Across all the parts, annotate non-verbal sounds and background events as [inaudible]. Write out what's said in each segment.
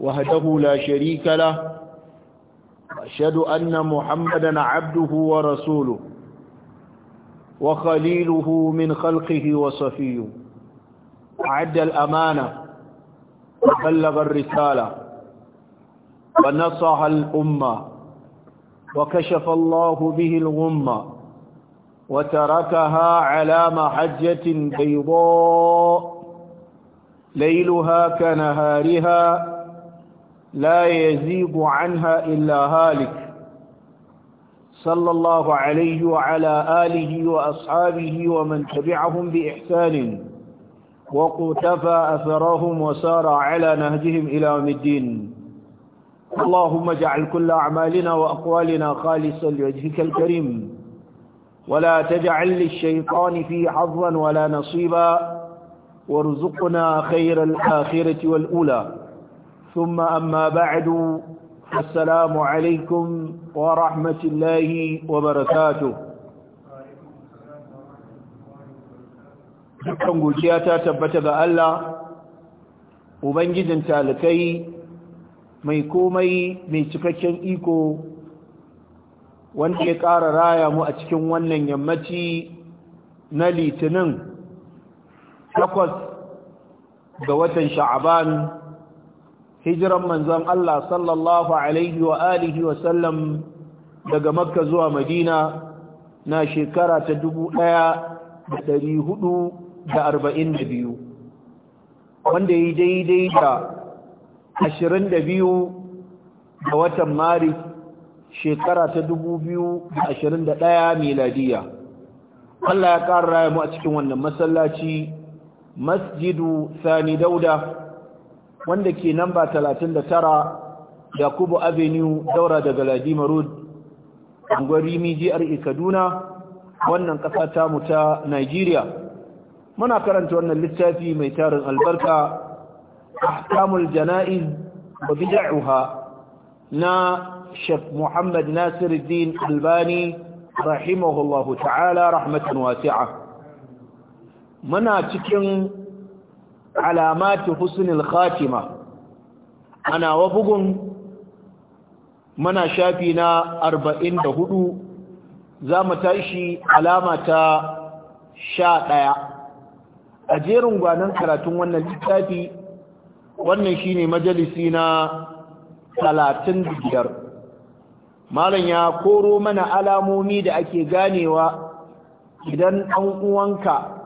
وحده لا شريك له وأشهد أن محمدا عبده ورسوله وخليله من خلقه وصفيه أعد الأمانة وبلغ الرسالة ونصح الأمة وكشف الله به الغمة وتركها على محجة بيضاء ليلها كنهارها لا يزيب عنها إلا هالك صلى الله عليه وعلى آله وأصحابه ومن تبعهم بإحسان وقتفى أثرهم وسار على نهجهم إلى يوم الدين اللهم اجعل كل أعمالنا وأقوالنا خالصا لوجهك الكريم ولا تجعل للشيطان في حظا ولا نصيبا وارزقنا خير الآخرة والأولى ثم أما بعد السلام عليكم ورحمة الله وبركاته dukkan godiya ta tabbata ga Allah ubangijin talakai mai komai mai cikakken iko wanda ya ƙara raya mu a cikin wannan yammaci na litinin takwas ga watan sha'aban hijiran manzon Allah sallallahu alaihi wa alihi wa sallam daga makka zuwa madina na shekara ta dubu ɗaya da da da biyu, wanda ya daidai da ashirin da biyu ga watan maris shekara ta dubu biyu da da 2021 miladiya Allah ya ƙara mu a cikin wannan masallaci masjidu sani dauda wanda ke da 39 Yakubu Avenue daura daga Ladima Road unguwar Rimi Kaduna wannan ƙasa ta mu ta Nigeria muna karanta wannan littafi mai tarin albarka Ahkamul Janaiz wa Bid'aha na Sheikh Muhammad Nasiruddin Albani rahimahullahu ta'ala rahmatan wasi'a muna cikin Alamati husnul khatima ana wa bugun mana shafi na 44 zamu tashi alama ta 11 a jerin gwanan karatun wannan littafi wannan shine majalisi na 35 malam ya koro mana alamomi da ake ganewa idan ɗan uwanka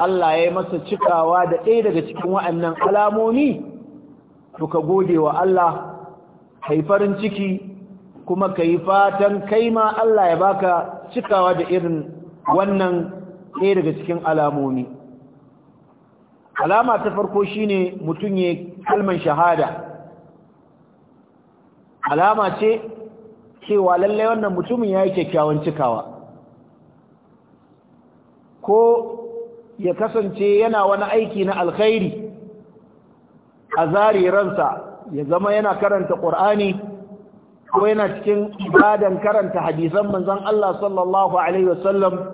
Allah ya yi masa cikawa da ɗaya daga cikin wa'annan alamomi to ka gode wa Allah kai farin ciki kuma ka yi fatan kai ma Allah ya baka cikawa da irin wannan ɗaya daga cikin alamomi alama ta farko shi ne mutum ya kalman shahada alama ce cewa lallai wannan mutumin ya yi kyakkyawan cikawa ko ya kasance yana wani aiki na alkhairi a zari ransa ya zama yana karanta ƙur'ani ko yana cikin ibadan karanta hadisan manzon Allah sallallahu alaihi wasallam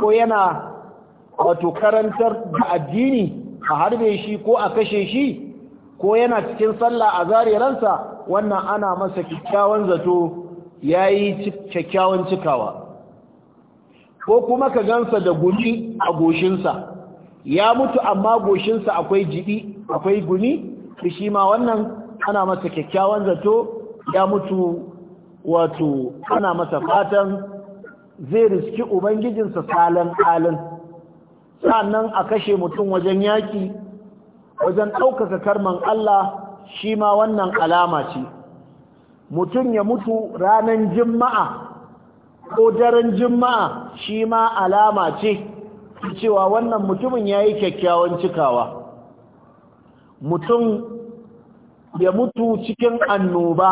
ko yana wato karantar da addini a harbe shi ko a kashe shi ko yana cikin sallah a zari ransa wannan ana masa kyakkyawan zato yayi kyakkyawan cikawa ko kuma ka gansa da guni a goshinsa ya mutu amma goshinsa akwai jiɗi, akwai guni shi ma wannan ana masa kyakkyawan zato ya mutu wato ana masa fatan zai riski ubangijinsa salon halin nan a kashe mutum wajen yaƙi wajen ɗaukaka karman Allah shi ma wannan alama ce mutum ya mutu ranar jima'a ko daren juma'a shi ma alama ce cewa wannan mutumin ya yi kyakkyawan cikawa mutum ya mutu cikin annoba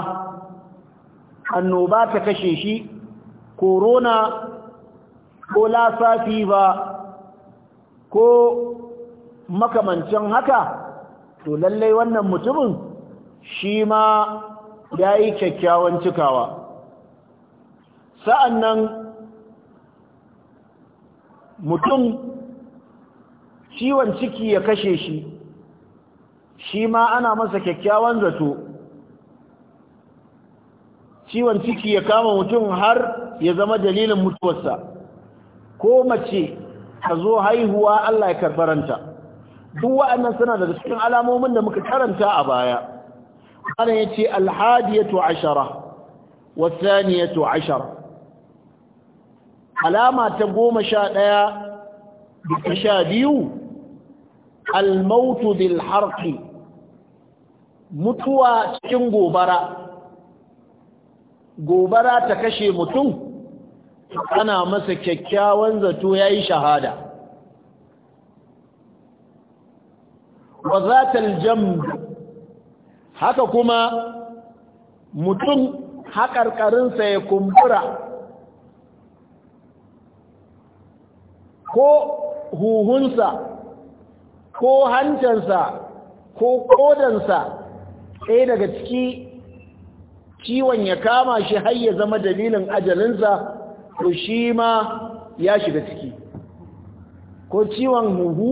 annoba ta kashe shi korona ko lasa ba ko makamancin haka to lallai wannan mutumin shi ma ya yi kyakkyawan cikawa sa'annan mutum ciwon ciki ya kashe shi shi ma ana masa kyakkyawan zato ciwon ciki ya kama mutum har ya zama dalilin mutuwarsa ko mace ta zo haihuwa Allah ya karbaranta duk wa'annan suna daga cikin alamomin da muka karanta a baya ana yace alhadiyatu ashara wasaniyatu ashara alama ta goma sha ɗaya da sha biyu almautu bil harfi mutuwa cikin gobara gobara ta kashe mutum ana masa kyakkyawan zato ya yi shahada wa zatal jamb haka kuma mutum haƙarƙarinsa ya kumbura ko huhunsa ko hancansa ko kodansa ɗaya daga ciki ciwon ya kama shi har ya zama dalilin ajalinsa to shi ma ya shiga ciki ko ciwon huhu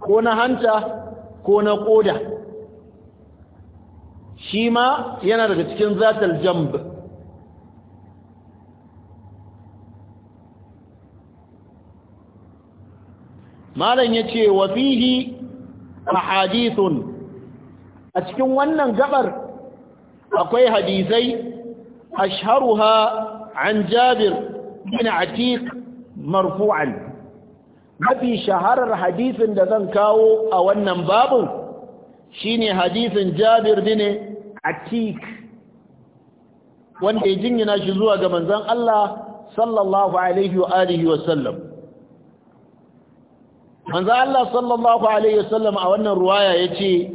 ko na hanta ko na koda shi ma yana daga cikin zatar jamb malam ya ce wa fihi ahadithun a cikin wannan gabar akwai hadisai ashharuha an jabir bin atiq marfu'an mafi shaharar hadisin da zan kawo a wannan babu shine hadisin jabir bin atiq wanda ya jingina shi zuwa ga manzon Allah sallallahu alaihi wa alihi wa sallam manzo Allah sallallahu alaihi wasallam a wannan ruwaya yace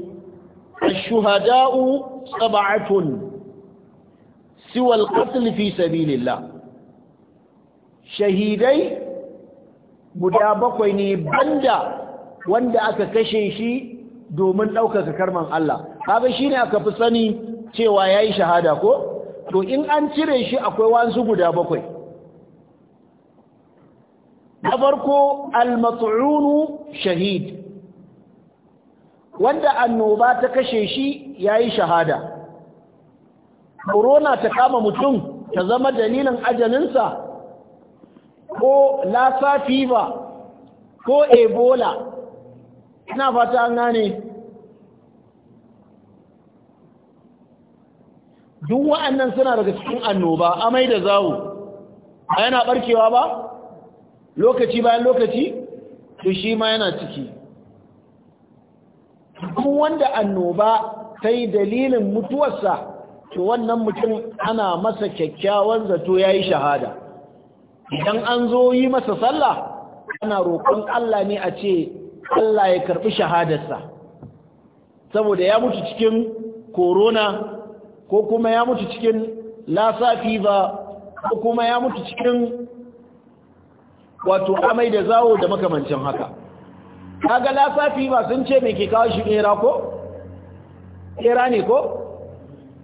ash-shuhada'u sab'atun siwa al-qatl fi sabilillah shahidai guda bakwai ne banda wanda aka kashe shi domin ɗaukaka karman Allah kaga shine aka fi sani cewa yayi shahada ko to in an cire shi akwai wasu guda bakwai na farko almat'unu shahid wanda annoba ta kashe shi yayi shahada corona ta kama mutum ta zama dalilin ajalinsa ko lassa fever ko ebola ina fata an gane duk wa'annan suna daga cikin annoba amai da zawo a yana barkewa ba lokaci bayan lokaci to shi ma yana ciki duk wanda annoba ta yi dalilin mutuwarsa to wannan mutum ana masa kyakkyawan zato ya yi shahada idan an zo yi masa sallah ana roƙon Allah ne a ce Allah ya karɓi shahadarsa saboda ya mutu cikin korona ko kuma ya mutu cikin lasafi ba ko kuma ya mutu cikin wato amai da zawo da makamancin haka kaga lasafi ba sun ce me ke kawo shi kera ko kera ne ko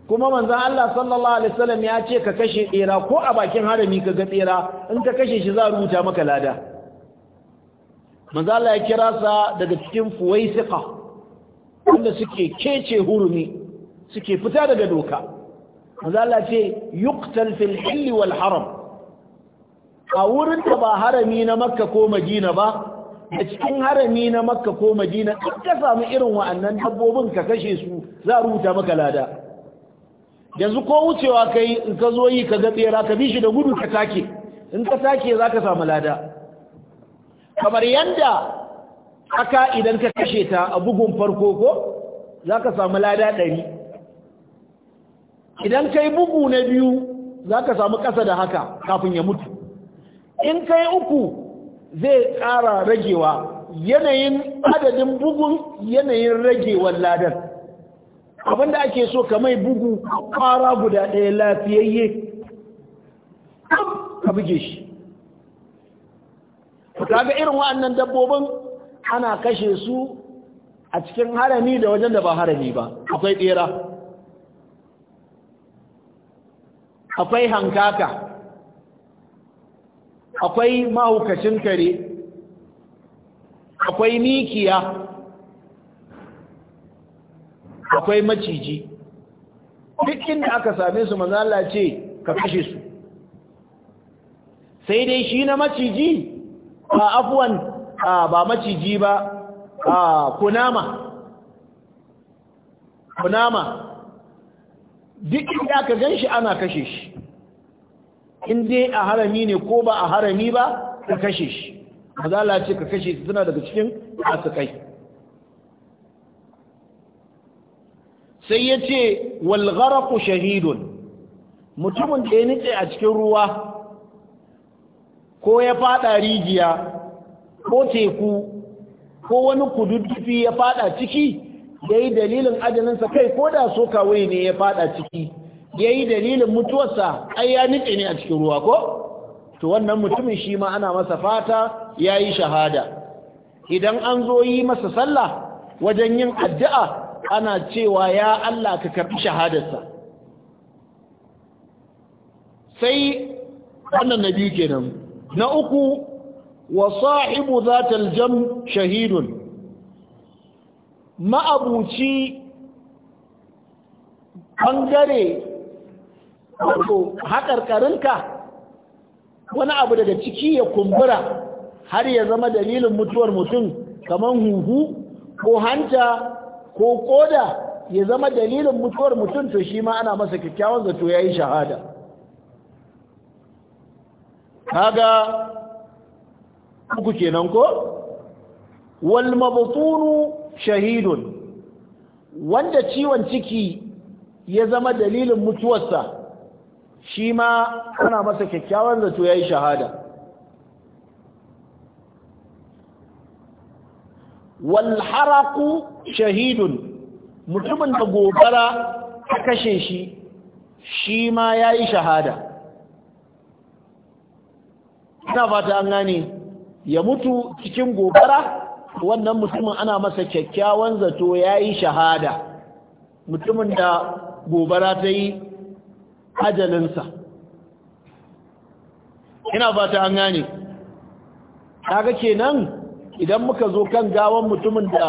kuma manzan Allah sallallahu alaihi wasallam ya ce ka kashe kera ko a bakin harami ka ga kera in ka kashe shi za a rubuta maka lada manzan Allah ya kira sa daga cikin fuwaisika wanda suke kece hurumi suke fita daga doka manzan Allah ce yuqtal fil hilli wal haram a wurin da ba harami na makka ko madina ba a cikin harami na makka ko madina in ka samu irin wa'annan dabbobin ka kashe su za a rubuta maka lada yanzu ko wucewa kai in ka zo yi ka ga tsera ka bi shi da gudu ka take in ka take za ka samu lada kamar yanda aka idan ka kashe ta a bugun farko ko za ka samu lada ɗari idan kai bugu na biyu za ka samu ƙasa da haka kafin ya mutu in kai uku zai ƙara ragewa yanayin adadin bugun yanayin ragewar ladar abinda ake so ka mai bugu ƙara guda ɗaya lafiyayye ka buge shi ga irin wa'annan dabbobin ana kashe su a cikin harami da wajen da ba harami ba akwai ɗera. akwai hankaka akwai mahaukacin kare akwai mikiya akwai maciji duk inda aka same su manzala ce ka kashe su sai dai shi na maciji ba afuwan ba maciji ba kunama kunama duk inda aka ganshi ana kashe shi in dai a harami ne ko ba a harami ba ka kashe shi mazala ce ka kashe shi. suna daga cikin fasikai sai ya ce Walgaraku shahidun mutumin da ya nitse a cikin ruwa ko ya fada rijiya ko teku ko wani kududdufi ya fada ciki ya yi dalilin adaninsa kai ko da so kawai ne ya fada ciki ya yi dalilin mutuwarsa ai ya nitse ne a cikin ruwa ko to wannan mutumin shi ma ana masa fata ya yi shahada idan an zo yi masa sallah wajen yin addu'a ana cewa ya Allah ka karɓi shahadarsa sai wannan na biyu kenan na uku wa sahibu zatal jam shahidun ma'abuci ɓangare wato haƙarƙarinka wani abu daga ciki ya kumbura har ya zama dalilin mutuwar mutum kamar huhu ko hanta ko koda ya zama dalilin mutuwar mutum to shi ma ana masa kyakkyawan zato ya yi shahada kaga uku kenan ko wal mabtunu shahidun wanda ciwon ciki ya zama dalilin mutuwarsa shi ma ana masa kyakkyawan zato ya yi shahada walharaku shahidun mutumin da gobara ta kashe shi shi ma ya yi shahada ina fata an gane ya mutu cikin gobara wannan mutumin ana masa kyakkyawan zato ya yi shahada mutumin da gobara ta yi ajalinsa ina fata an gane kaga kenan idan muka zo kan gawan mutumin da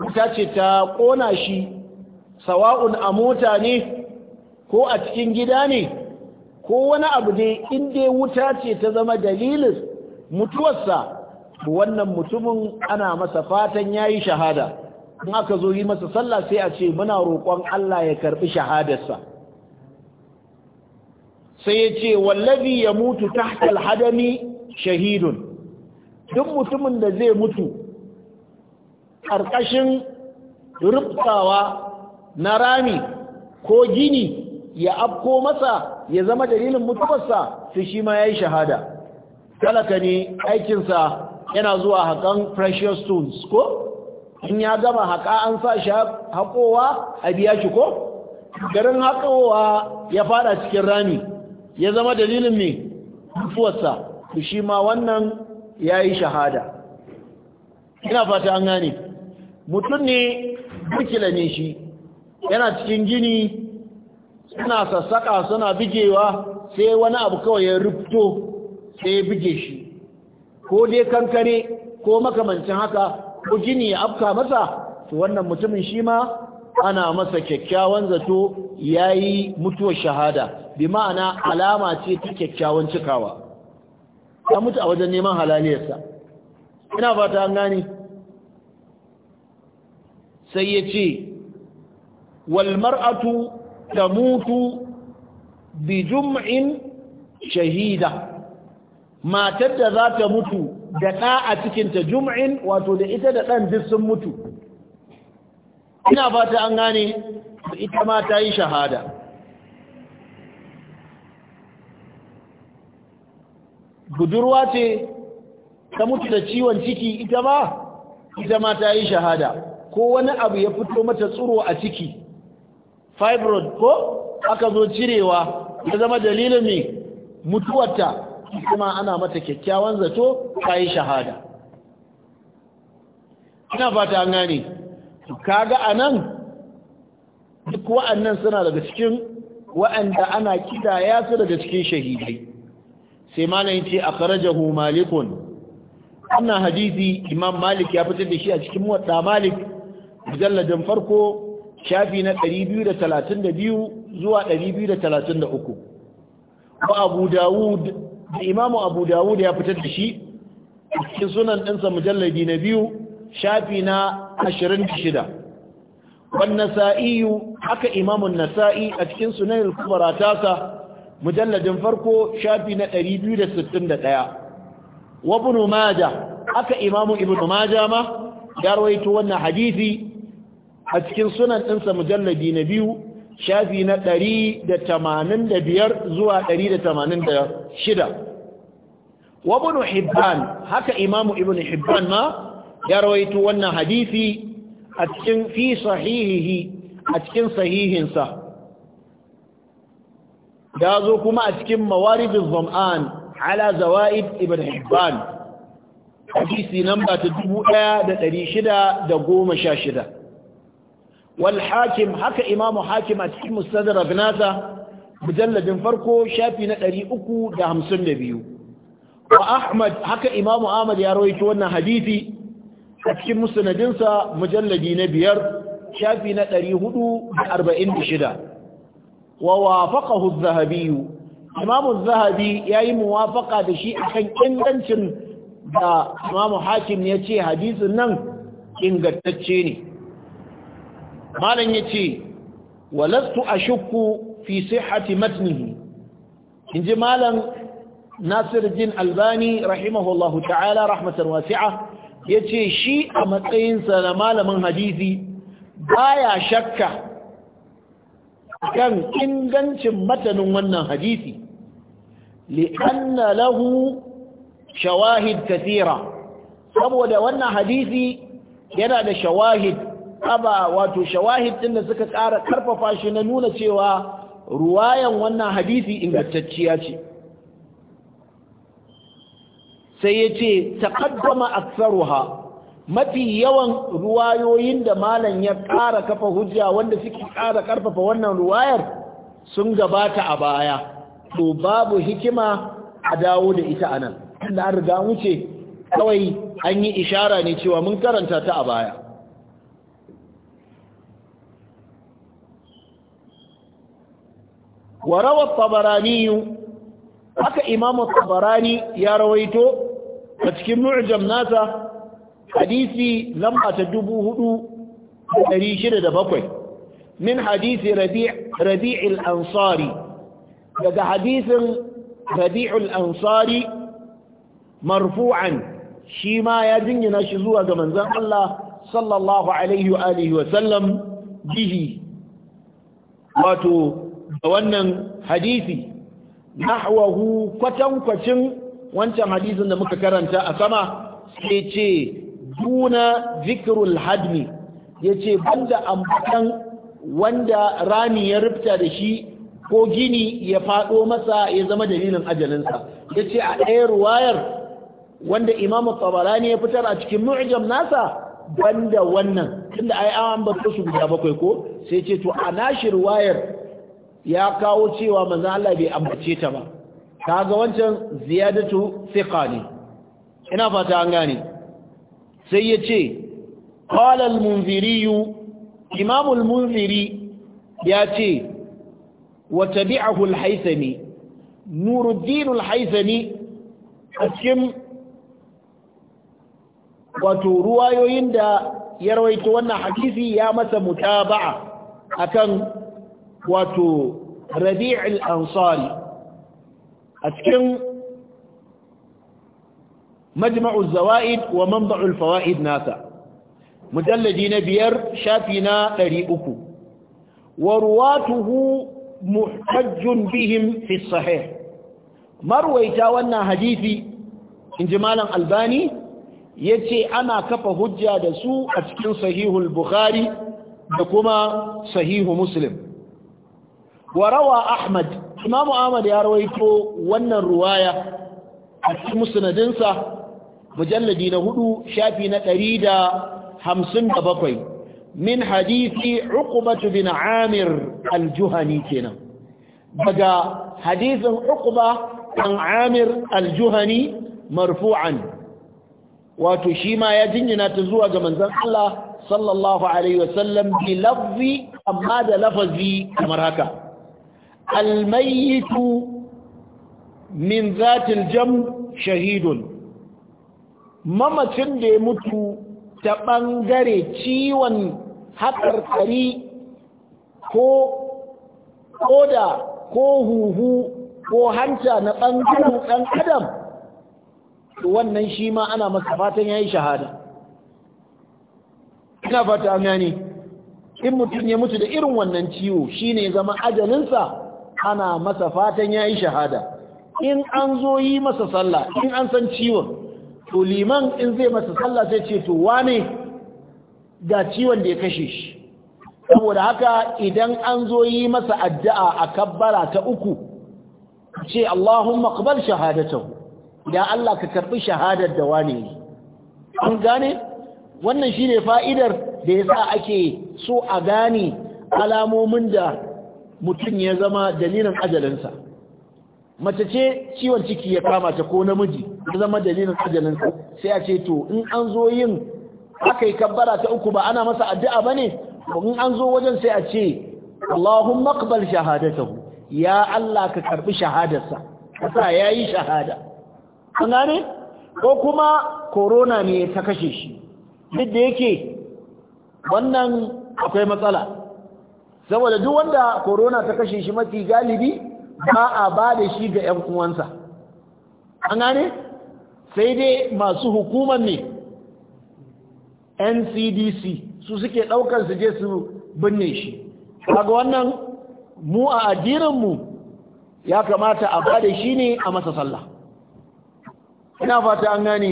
wuta ce ta kona shi sawa'un a mota ne ko a cikin gida ne ko wani abu ne inda wuta ce ta zama dalilin mutuwarsa wannan mutumin ana masa fatan ya yi shahada in aka zo yi masa sallah sai a ce muna roƙon Allah ya karɓi shahadarsa sai ya ce wallazi ya mutu tahta alhadami shahidun duk mutumin da zai mutu ƙarƙashin rubtawa na rami ko gini ya afko masa ya zama dalilin mutuwarsa su shi ma ya yi shahada talaka ne aikinsa yana zuwa haƙan precious stones ko in ya gama haƙa an sa shi haƙowa a biya shi ko garin haƙowa ya fada cikin rami ya zama dalilin me mutuwarsa ku shi ma wannan ya yi shahada ina fata an gane mutum ne bukila ne shi yana cikin gini suna sassaƙa, suna bigewa sai wani abu kawai ya rubto sai ya bige shi ko dai kankare ko makamancin haka ko gini ya afka masa su wannan mutumin shi ma ana masa kyakkyawan zato ya yi mutuwar shahada bi ma'ana alama ce ta kyakkyawan cikawa ya mutu a wajen neman halaliyarsa ina fata an gane sai ya ce walmar'atu ta mutu bi jum'in shahida matar da za ta mutu da ɗa a cikinta jum'in wato da ita da ɗan duk sun mutu ina fata an gane ita ma ta yi shahada budurwa ce ta mutu da ciwon ciki ita ba ita ma ta yi shahada ko wani abu ya fito mata tsuro a ciki fibroid ko aka zo cirewa ya zama dalilin mai mutuwarta kuma ana mata kyakkyawan zato ta yi shahada ina fata an gane kaga a nan duk wa'annan suna daga cikin wa'anda ana kidaya su daga cikin shahidai sai malamin ce akhrajahu malikun wannan hadisi imam malik ya fitar da shi a cikin muwatta malik mujalladin farko shafi na 232 zuwa 233 wa abu dawud da imamu abu dawud ya fitar da shi cikin sunan ɗinsa mujalladi na biyu shafi na 26 wannan sa'iyu haka imamun nasa'i a cikin sunan al tasa mujalladin farko shafi na 261 wa ibn majah aka imamu ibn majah ma ya rawaito wannan hadisi a cikin sunan ɗinsa mujalladi na biyu shafi na 185 zuwa 186 wa ibn hibban haka imamu ibn hibban ma ya rawaito wannan hadisi a cikin fi sahihihi a cikin sahihinsa ya zo kuma a cikin mawarifin zam'an ala zawa'id ibn hibban hadisi namba ta sha wal hakim haka imamu hakim a cikin mustadrak nasa mujalladin farko shafi na uku da hamsin biyu. wa ahmad haka imamu ahmad ya rawaito wannan hadisi a cikin musanadinsa, mujalladi na biyar shafi na shida. wa wafaqahu az-zahabi imam az-zahabi yayi muwafaqa da shi akan ingancin da imam hakim ya ce hadisin nan ingantacce ne malam yace walastu ashukku fi sihhati matnihi inji malam jin Albani rahimahullahu ta'ala rahmatan wasi'a yace shi a matsayinsa na malamin hadisi baya shakka kan ingancin matanin wannan hadisi li'anna lahu shawahid kathira saboda wannan hadisi yana da shawahid aba wato shawahid din da suka ƙara karfafa shi na nuna cewa ruwayan wannan hadisi ingantacciya ce sai yace taqaddama aktsaruha mafi yawan ruwayoyin da malam ya ƙara kafa hujja wanda suke ƙara ƙarfafa wannan ruwayar sun gabata a baya to babu hikima a dawo da ita a nan da an riga wuce kawai an yi ishara ne cewa mun karanta ta a baya wa rawar tabaraniyu haka imamu tabarani ya rawaito a cikin mu'jam nasa hadisi lamba ta dubu hudu ɗari shida da bakwai min hadisi rabi'il ansari daga hadisin rabi'ul ansari marfu'an shi ma ya jingina shi zuwa ga manzon Allah sallallahu alaihi wa alihi wa sallam bihi wato da wannan hadisi nahwahu kwatankwacin wancan hadisin da muka karanta a sama sai ce duna zikrul hadmi yace banda ambatan wanda rami ya rufta da shi ko gini ya fado masa ya zama dalilin ajalinsa yace a ɗaya ruwayar wanda imamu tabarani ya fitar a cikin mu'jam nasa banda wannan tunda ai an ambato su guda bakwai ko sai ce to a nashi ruwayar ya kawo cewa manzo Allah bai ambace ta ba kaga wancan ziyadatu thiqa ne ina fata an gane sai ya ce ƙwalar munziriyu imamul munziri ya ce wata bi'ahul haisani nuruddinul haisani a cikin wato ruwayoyin da ya rawaito wannan hadisi ya masa mutaba'a akan wato rabi'ul ansari a cikin majma'u zawaid wa manba'ul fawaid nasa mujalladi na biyar shafi na ɗari uku wa ruwatuhu muhtajjun bihim fi marwaita wannan hadisi Inji malam albani ya ce ana kafa hujja da su a cikin sahihul bukhari da kuma sahihu muslim wa ahmad imamu ahmad ya rawaito wannan ruwaya a cikin musnadinsa mujalladi na hudu shafi na ɗari da hamsin da bakwai min hadisi uqbatu bin amir aljuhani kenan daga hadisin uqba ɗan amir aljuhani marfu'an wato shi ma ya jinyina ta zuwa ga manzon Allah sallallahu alaihi wasallam bi lafzi amma da lafazi kamar haka almayitu min zatin jam shahidun mamacin da ya mutu ta ɓangare ciwon haƙarƙari ko ƙoda ko huhu ko hanta na ɓangaren ɗan adam wannan shi ma ana masa fatan ya yi shahada ina fata an gane in mutum ya mutu da irin wannan ciwo shi ne zama ajalinsa ana masa fatan ya yi shahada in an zo yi masa sallah in an san ciwon to liman in zai masa sallah sai ce to wane ga ciwon da ya kashe shi saboda haka idan an zo yi masa addu'a a kabbara ta uku ce Allahumma qabbal shahadatahu ya Allah ka karbi shahadar da wane an gane wannan shine fa'idar da yasa ake so a gane alamomin da mutum ya zama dalilin ajalinsa mace ce ciwon ciki ya kama ta ko namiji ya zama dalilin ajalin sai a ce to in an zo yin aka kabbara ta uku ba ana masa addu'a bane in an zo wajen sai a ce Allahumma qabbal shahadatahu ya Allah ka karbi shahadarsa kasa yayi shahada kun ko kuma corona ne ta kashe shi duk da yake wannan akwai matsala saboda duk wanda corona ta kashe shi mafi galibi ba a ba da shi ga 'yan uwansa an gane sai dai masu hukumar ne ncdc su suke daukar su je su binne shi Daga wannan mu a addininmu ya kamata a ba da shi ne a masa sallah ina fata an gane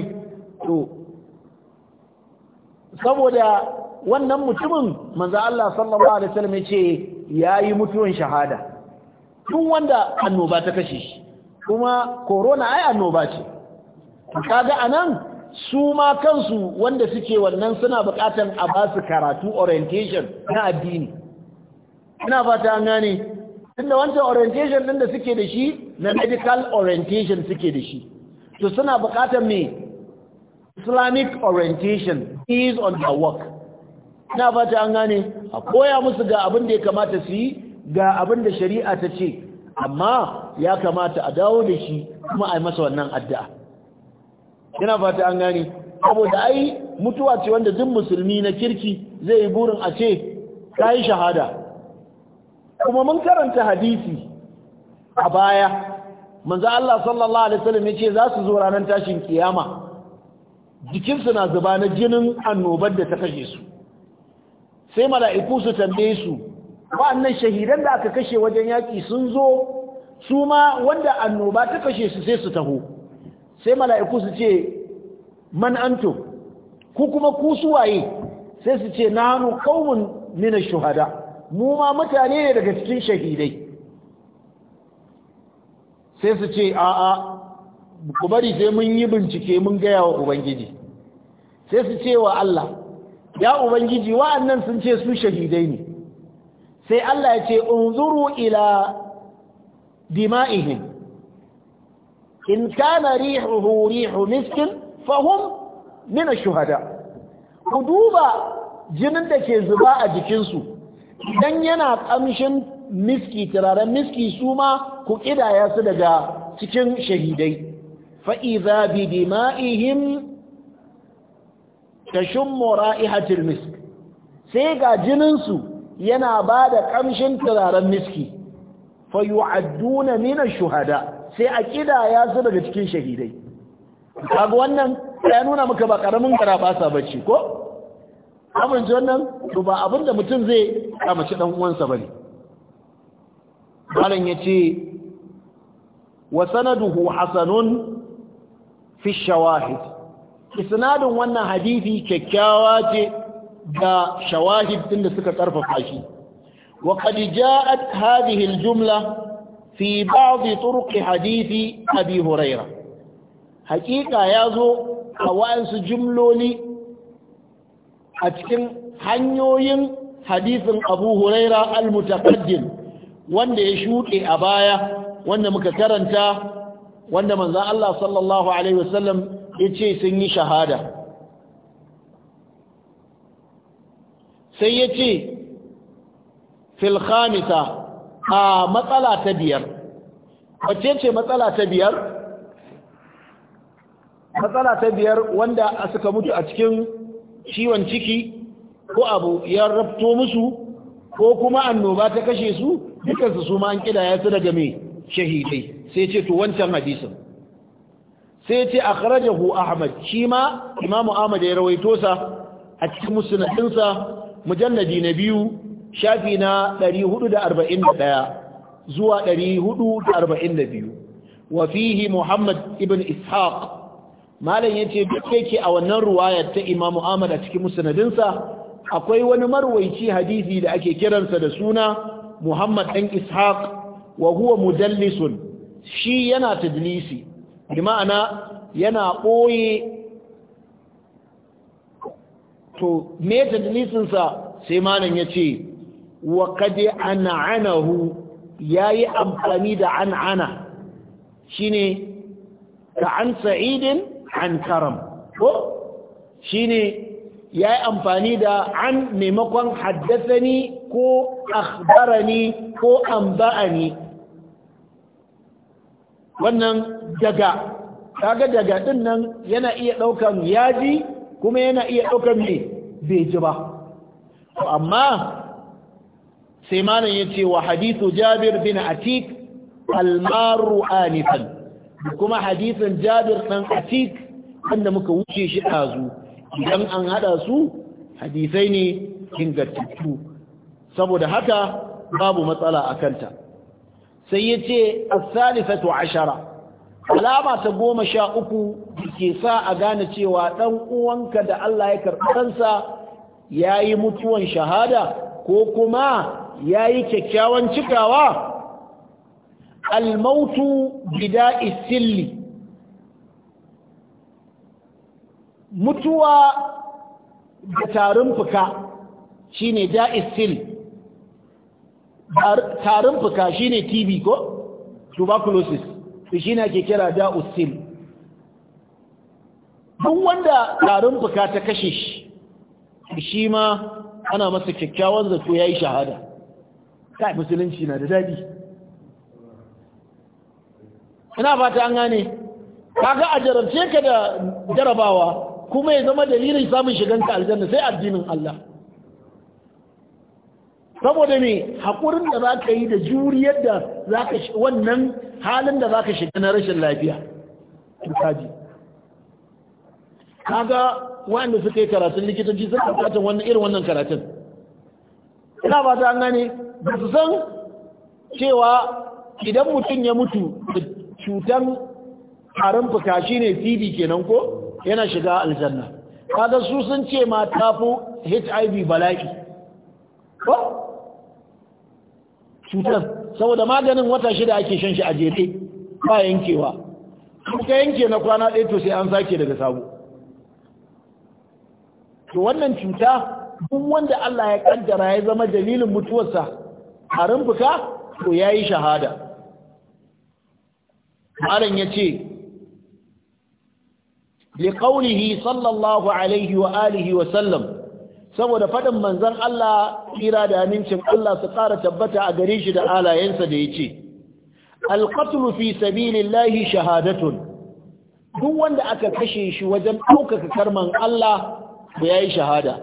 to saboda wannan mutumin manza Allah sallallahu alaihi wasallam ya ce yayi mutuwan shahada duk wanda annoba ta kashe shi kuma korona ai annoba ce kaga anan su ma kansu wanda suke wannan suna bukatan a ba su karatu orientation na addini ina fata an gane tunda wancan orientation din da suke da shi na medical orientation suke da shi to suna bukatan me islamic orientation is on the work ina fata an gane a koya musu ga abin da ya kamata su yi ga abin da shari'a ta ce amma ya kamata a dawo da shi kuma a yi masa wannan addu'a ina fata an gane saboda ai mutuwa ce wanda duk musulmi na kirki zai yi burin a ce ka yi shahada kuma mun karanta hadisi a baya manzo Allah sallallahu alaihi wasallam ce za su zo ranar tashin kiyama jikinsu na zuba na jinin annobar da ta kashe su sai mala'iku su tambaye su wa'annan shahidan da aka kashe wajen yaki sun zo su ma wanda annoba ta kashe su sai su taho sai mala'iku su ce man anto ku kuma ku suwaye sai su ce nanu qaumun min ash-shuhada mu ma mutane ne daga cikin shahidai sai su ce a a ku bari sai mun yi bincike mun gaya wa ubangiji sai su ce wa Allah ya ubangiji wa'annan sun ce su shahidai ne sai Allah ya ce unzuru ila dima'ihim in kana rihuhu rihu miskin fahum min shuhada ku duba jinin da ke zuba a jikinsu idan yana kamshin miski turaren miski su ma ku kidaya su daga cikin shahidai fa'iza bi dima'ihim tashum ra'ihatil misk sai ga jininsu yana ba da ƙamshin turaren miski fayu'adduna adduna nina shuhada sai a kidaya su daga cikin shahidai kaga wannan ya nuna muka ba ƙaramin karamin sa bacci ko abin wannan to ba abin da mutum zai kamace dan uwansa bane malan yace wa sanaduhu hasanun fi shawahid isnadun wannan hadisi kyakkyawa ce da shawahid din da suka karfafa shi wa qad ja'at hadhihi al-jumla fi ba'd turuq hadith abi huraira hakika yazo a wa'ansu jumloli a cikin hanyoyin hadisin abu huraira al-mutaqaddim wanda ya shuke a baya wanda muka karanta wanda manzon Allah sallallahu alaihi wasallam yace sun yi shahada sai ya ce filhamita a matsala ta biyar wacce ce matsala ta biyar matsala ta biyar wanda a suka mutu a cikin ciwon ciki ko abu ya rabto musu ko kuma annoba ta kashe su dukansu su ma an ya su daga mai shahidai sai ce to wancan hadisin sai ce kharajahu ahmad shi ma imamu ahmad ya rawaito sa a cikin musnadinsa mujalladi na biyu shafi na 441 zuwa 442 wa fihi muhammad ibn ishaq malam yace duk yake a wannan ruwayar ta imamu ahmad a cikin musnadinsa akwai wani marwaici hadisi da ake kiransa da suna muhammad dan ishaq wa huwa mudallisun shi yana tadlisi bi ma'ana yana ɓoye to me tadlisinsa sai malam ya ce wa kade an'anahu ya yi amfani da an'ana shi ne ka an sa'idin an karam ko shi ne ya yi amfani da an maimakon haddasani ko akhbarani ko amba'ani wannan daga kaga daga din nan yana iya daukan yaji kuma yana iya daukan mai bai ji ba amma sai malam ya ce wa hadithu jabir bin atik almaru anifan kuma hadithin jabir ɗan atik wanda muka wuce shi ɗazu idan an haɗa su hadisai ne ingantattu saboda haka babu matsala a kanta sai ya ce asalifatu ashara alama ta goma sha uku ke sa a gane cewa ɗan uwanka da Allah ya karɓi kansa ya yi mutuwan shahada ko kuma ya yi kyakkyawan cikawa almautu gida isilli mutuwa da tarin fuka shine da isil tarin fuka shine tb ko tuberculosis shi ne ke kira usil duk wanda tarin fuka ta kashe shi shi ma ana masa kyakkyawan zato ya yi shahada kai musulunci na da daɗi ina fata an gane kaga a jarabce ka da jarabawa kuma ya zama dalilin samun shiganka aljanna sai addinin Allah saboda me haƙurin da za ka yi da juriyar da za ka wannan halin da za ka shiga na rashin lafiya turkaji kaga wanda suka yi karatun likitanci sun bukatar wannan irin wannan karatun ina ba ta gane ba su san cewa idan mutum ya mutu da cutan harin fuka shi ne cd kenan ko yana shiga aljanna kaga su sun ce ma tafi hiv bala'i ko cutar saboda maganin wata shida ake shan shi a jere ba yankewa kuka yanke na kwana ɗaya to sai an sake daga sabo to wannan cuta duk wanda Allah ya kaddara ya zama dalilin mutuwarsa a rumfuka to yayi shahada malam yace liqaulihi sallallahu alaihi wa alihi wa sallam saboda faɗin manzon Allah tsira da amincin Allah su ƙara tabbata a gare shi da alayensa da ya ce alƙatulu fi sabilillahi shahadatun duk wanda aka kashe shi wajen ɗaukaka karman Allah da ya yi shahada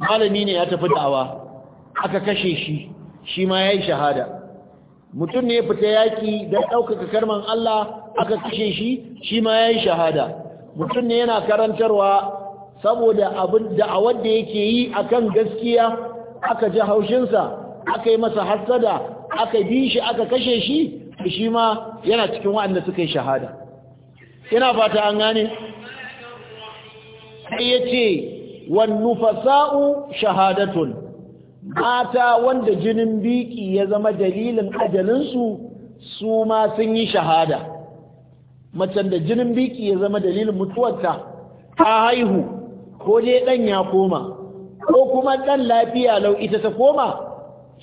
malami ne ya tafi dawa, aka kashe shi shi ma ya yi shahada mutum ne ya fita yaƙi don ɗaukaka karman Allah aka kashe shi shi ma ya yi shahada mutum ne yana karantarwa saboda abin da'awar da yake yi akan gaskiya aka ji haushinsa aka yi masa hassada aka bi shi aka kashe shi shi ma yana cikin waɗanda suka yi shahada ina fata an gane sai ya ce wannufasa'u shahadatun mata wanda jinin biki ya zama dalilin ajalinsu su ma sun yi shahada macen da jinin biki ya zama dalilin mutuwarta ta haihu ko dai ɗan ya koma ko kuma ɗan lafiya lau ita ta koma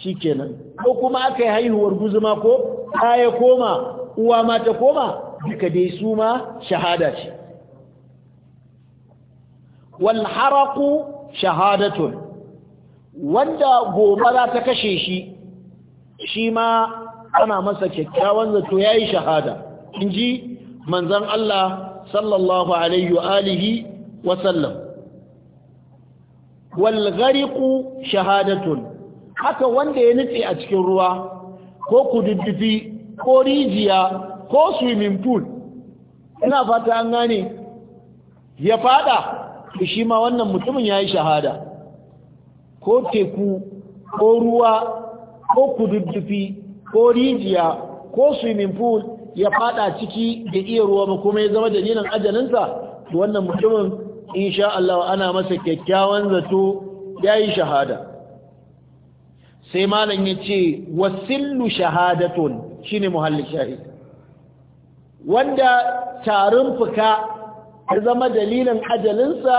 shi kenan ko kuma aka yi haihuwar guzuma ko ta ya koma uwa ma ta koma duka dai su ma shahada ce walharaku shahadatun wanda gobara ta kashe shi shi ma ana masa kyakkyawan zato ya yi shahada in ji manzan Allah sallallahu alaihi wa wasallam wal shahadatun haka wanda ya nutse a cikin ruwa ko kududdufi ko rijiya ko swimming pool ina fata an gane ya fada shi ma wannan mutumin ya yi shahada ko teku ko ruwa ko kududdufi ko rijiya ko swimming pool ya fada ciki da iya ruwa ba kuma ya zama dalilin ajalinsa wannan mutumin insha Allah ana masa kyakkyawan zato ya yi shahada sai malam ya ce wasillu shahadatun shine muhallin shahid wanda tarin fuka ya zama dalilin ajalinsa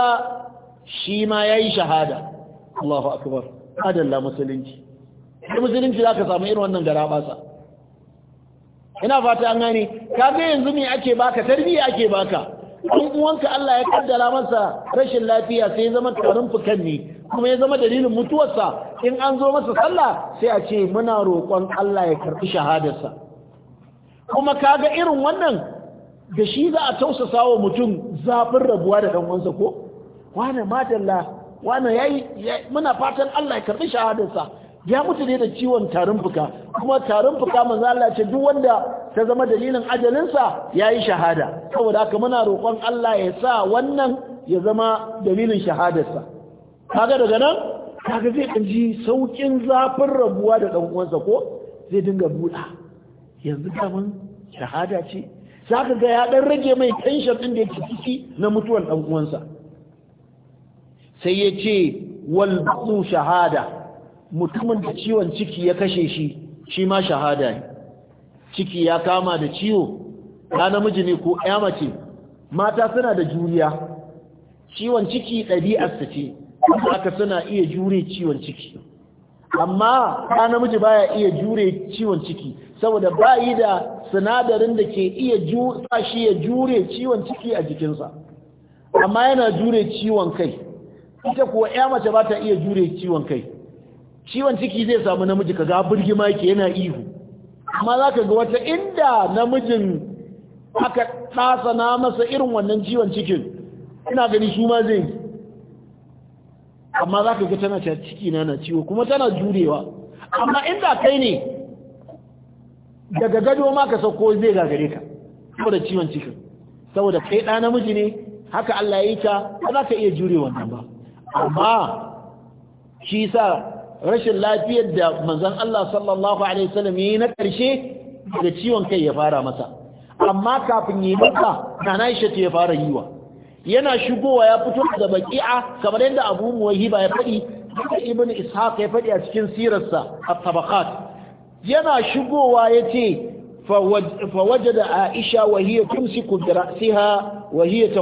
shi ma yi shahada Allahu akbar adalla musulunci musulunci za ka samu irin wannan basa ina fata an gani kafin yanzu me ake baka tarbiyya ake baka in uwanka Allah ya kaddara masa rashin lafiya sai ya zama tarin fukan ne kuma ya zama dalilin mutuwarsa in an zo masa sallah sai a ce muna roƙon Allah ya karɓi shahadarsa kuma kaga irin wannan da shi za a tausasa wa mutum zafin rabuwa da ɗan uwansa ko wani madalla wani yayi muna fatan Allah ya karɓi shahadarsa ya mutu ne da ciwon tarin fuka kuma tarin fuka manzo Allah ce duk wanda ta zama dalilin ajalinsa yayi shahada saboda haka muna roƙon Allah ya sa wannan ya zama dalilin shahadarsa kaga daga nan kaga zai kanji saukin zafin rabuwa da dan uwansa ko zai dinga buɗa yanzu kaman shahada ce zaka ga ya dan rage mai tension din da yake ciki na mutuwar dan uwansa sai ya ce wal shahada mutumin da ciwon ciki ya kashe shi shi ma shahada ne ciki ya kama da ciwo Ya namiji ne ko ya mace mata suna da juriya ciwon ciki ɗabi'arsa ce haka suna iya jure ciwon ciki amma ɗa namiji baya iya jure ciwon ciki saboda ba yi da sinadarin da ke iya sa shi ya jure ciwon ciki a jikinsa amma yana jure ciwon kai ita kuwa ya mace ba ta iya jure ciwon kai ciwon ciki zai samu namiji ka kaga burgima yake yana ihu amma za ka ga wata inda namijin aka tsasa na masa irin wannan ciwon cikin ina gani su ma zai amma za ka ga tana ciki na na ciwo kuma tana jurewa amma inda kai ne daga gado ma ka sauko zai gagare ka saboda ciwon cikin saboda kai ɗa namiji ne haka Allah ya yi ta ba za ka iya jure wannan ba amma shi sa rashin lafiyar da manzon Allah sallallahu alaihi wasallam na karshe da ciwon kai ya fara masa amma kafin yi mata nana Aisha ya fara yiwa yana shigowa ya fito da baki'a kamar yadda Abu Muwayhiba ya faɗi da Ibn Ishaq ya faɗi a cikin sirarsa a tabakat yana shigowa yace ta عائشة wa تمسك wa وهي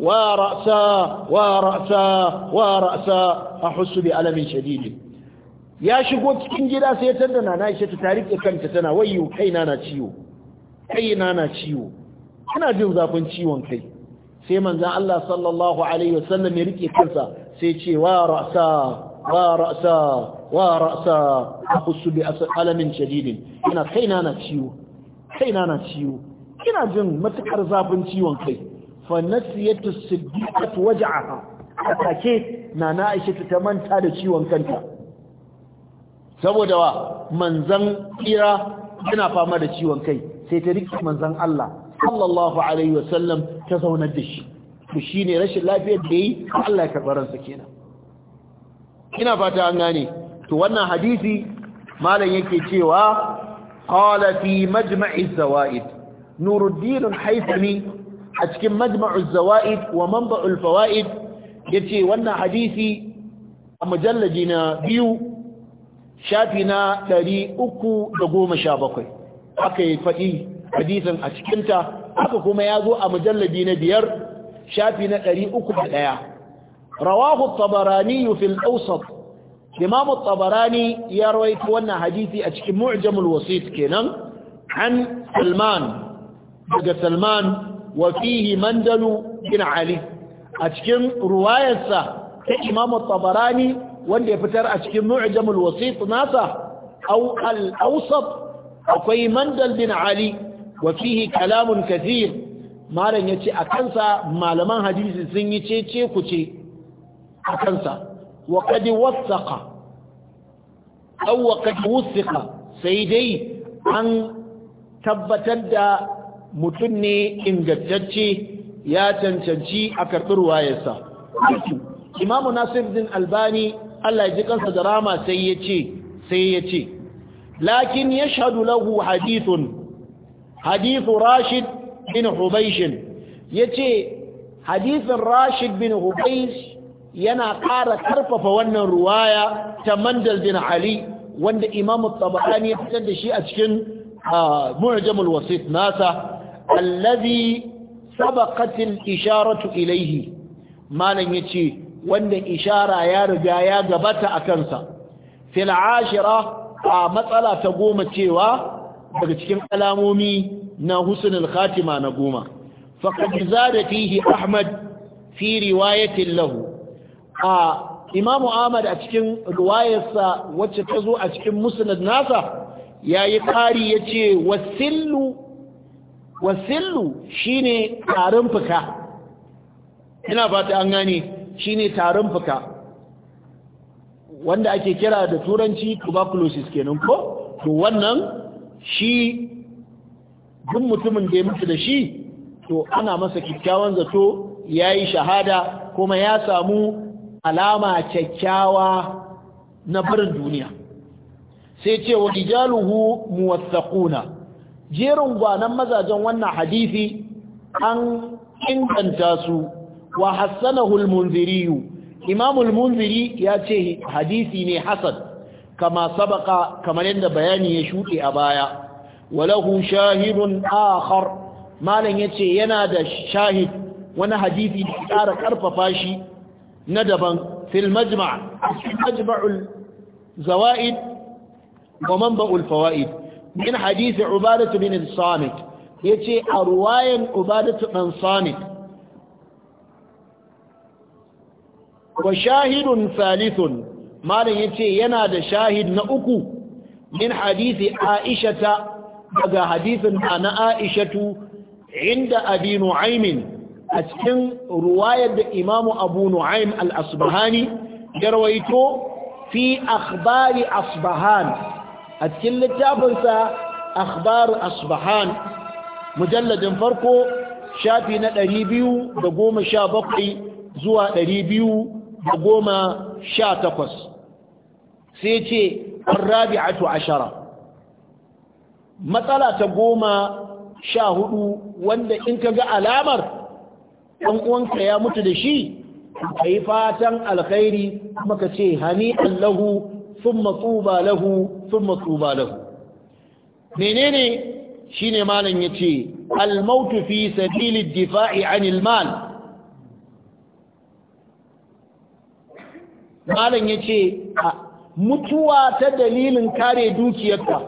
wa rasa a ورأسا أحس alamin شديد ya shigo cikin gida sai ya tanda nana Aisha ta tarike kanta tana wayyo kaina na ciwo kaina na ciwo ina jin zafin ciwon kai sai manzon Allah sallallahu alaihi wasallam ya rike kansa sai ce wa ra'sa wa ra'sa wa ra'sa ahussu bi alamin shadidin ina kaina na ciwo kaina na ciwo ina jin matukar zafin ciwon kai fa nasiyatu siddiqat waj'aha atake nana Aisha ta manta da ciwon kanta saboda wa manzan kira yana fama da ciwon kai sai ta riƙe manzan Allah sallallahu alaihi wasallam ta zaunar da shi to shine rashin lafiyar da yi Allah ya kenan ina fata an gane to wannan hadisi malam yake cewa qala fi majma'i zawaid nuruddin haythami a cikin majma'u zawaid wa manba'ul fawaid yace wannan hadisi a mujallaji na biyu shafi na uku da goma sha bakwai aka yi faɗi hadisin a cikinta haka kuma ya zo a mujalladi na biyar shafi na uku 301 rawahu tabarani fil awsat imam tabarani ya rawaito wannan hadisi a cikin mu'jamul wasit kenan an salman daga salman wa fihi mandalu bin ali a cikin ruwayarsa ta imam tabarani wanda ya fitar a cikin mu'jamul wasit nasa aw al awsat akwai mandal bin ali wa fihi kalamun kathir malam yace a kansa malaman hadisi sun yi cece kuce a kansa wa qad wasaqa aw wa qad wasaqa sai dai an tabbatar da mutum ne ingantacce ya cancanci a karɓi ruwayarsa imamu nasir din albani Allah ya ji kansa da rama sai ya ce sai ya ce lakin yashhadu lahu hadithun hadithu rashid bin hubaysh yace hadithin rashid bin hubaysh yana kara karfafa wannan ruwaya ta mandal bin ali wanda imamu tabarani ya fitar da shi a cikin mu'jamul wasit nasa allazi sabaqat al-isharatu ilayhi malan yace wanda ishara ya riga ya gabata a kansa fil ashira a matsala ta goma cewa daga cikin alamomi na husnul khatima na goma faqad zada fihi ahmad fi riwayatin lahu a imamu ahmad a cikin riwayarsa wacce ta zo a cikin musnad nasa yayi kari yace wasillu wasillu shine karin fuka ina fata an gane shine tarin fuka wanda ake kira da turanci tuberculosis kenan ko to wannan shi duk mutumin da ya mutu da shi to ana masa kyakkyawan zato ya yi shahada kuma ya samu alama kyakkyawa na barin duniya sai ce wa rijaluhu muwassaquna jerin gwanan mazajen wannan hadisi an inganta su wa hassanahu al-munziri imam al-munziri ya ce hadisi ne hasan kama sabaka kamar yadda bayani ya shuɗe a baya walahu shahidun akhar malan yace yana da shahid wani hadisi da ƙara karfafa shi na daban fil majma' majma'ul zawaid wa manba'ul fawaid min hadisi ubadah bin samit yace a ruwayan ubadatu bin samit wa shahidun thalithun malam yace yana da shahid na uku min hadisi aishata daga hadisin na aishatu inda abi nu'aym a cikin ruwayar da imamu abu nu'aym al-asbahani ya rawaito fi akhbari asbahan a cikin littafinsa akhbar asbahan mujalladin farko shafi na 217 zuwa 200 da goma sha takwas sai ce rabi'atu ashara matsala ta goma sha hudu wanda in ka ga alamar 'yan uwanka ya mutu da shi ka yi fatan alkhairi kuma ka ce hani allahu sun matsuba lahu sun matsuba lahu menene shine malam yace al-mautu fi sabilid difa'i 'anil mal malam ya ce mutuwa ta dalilin kare dukiyarka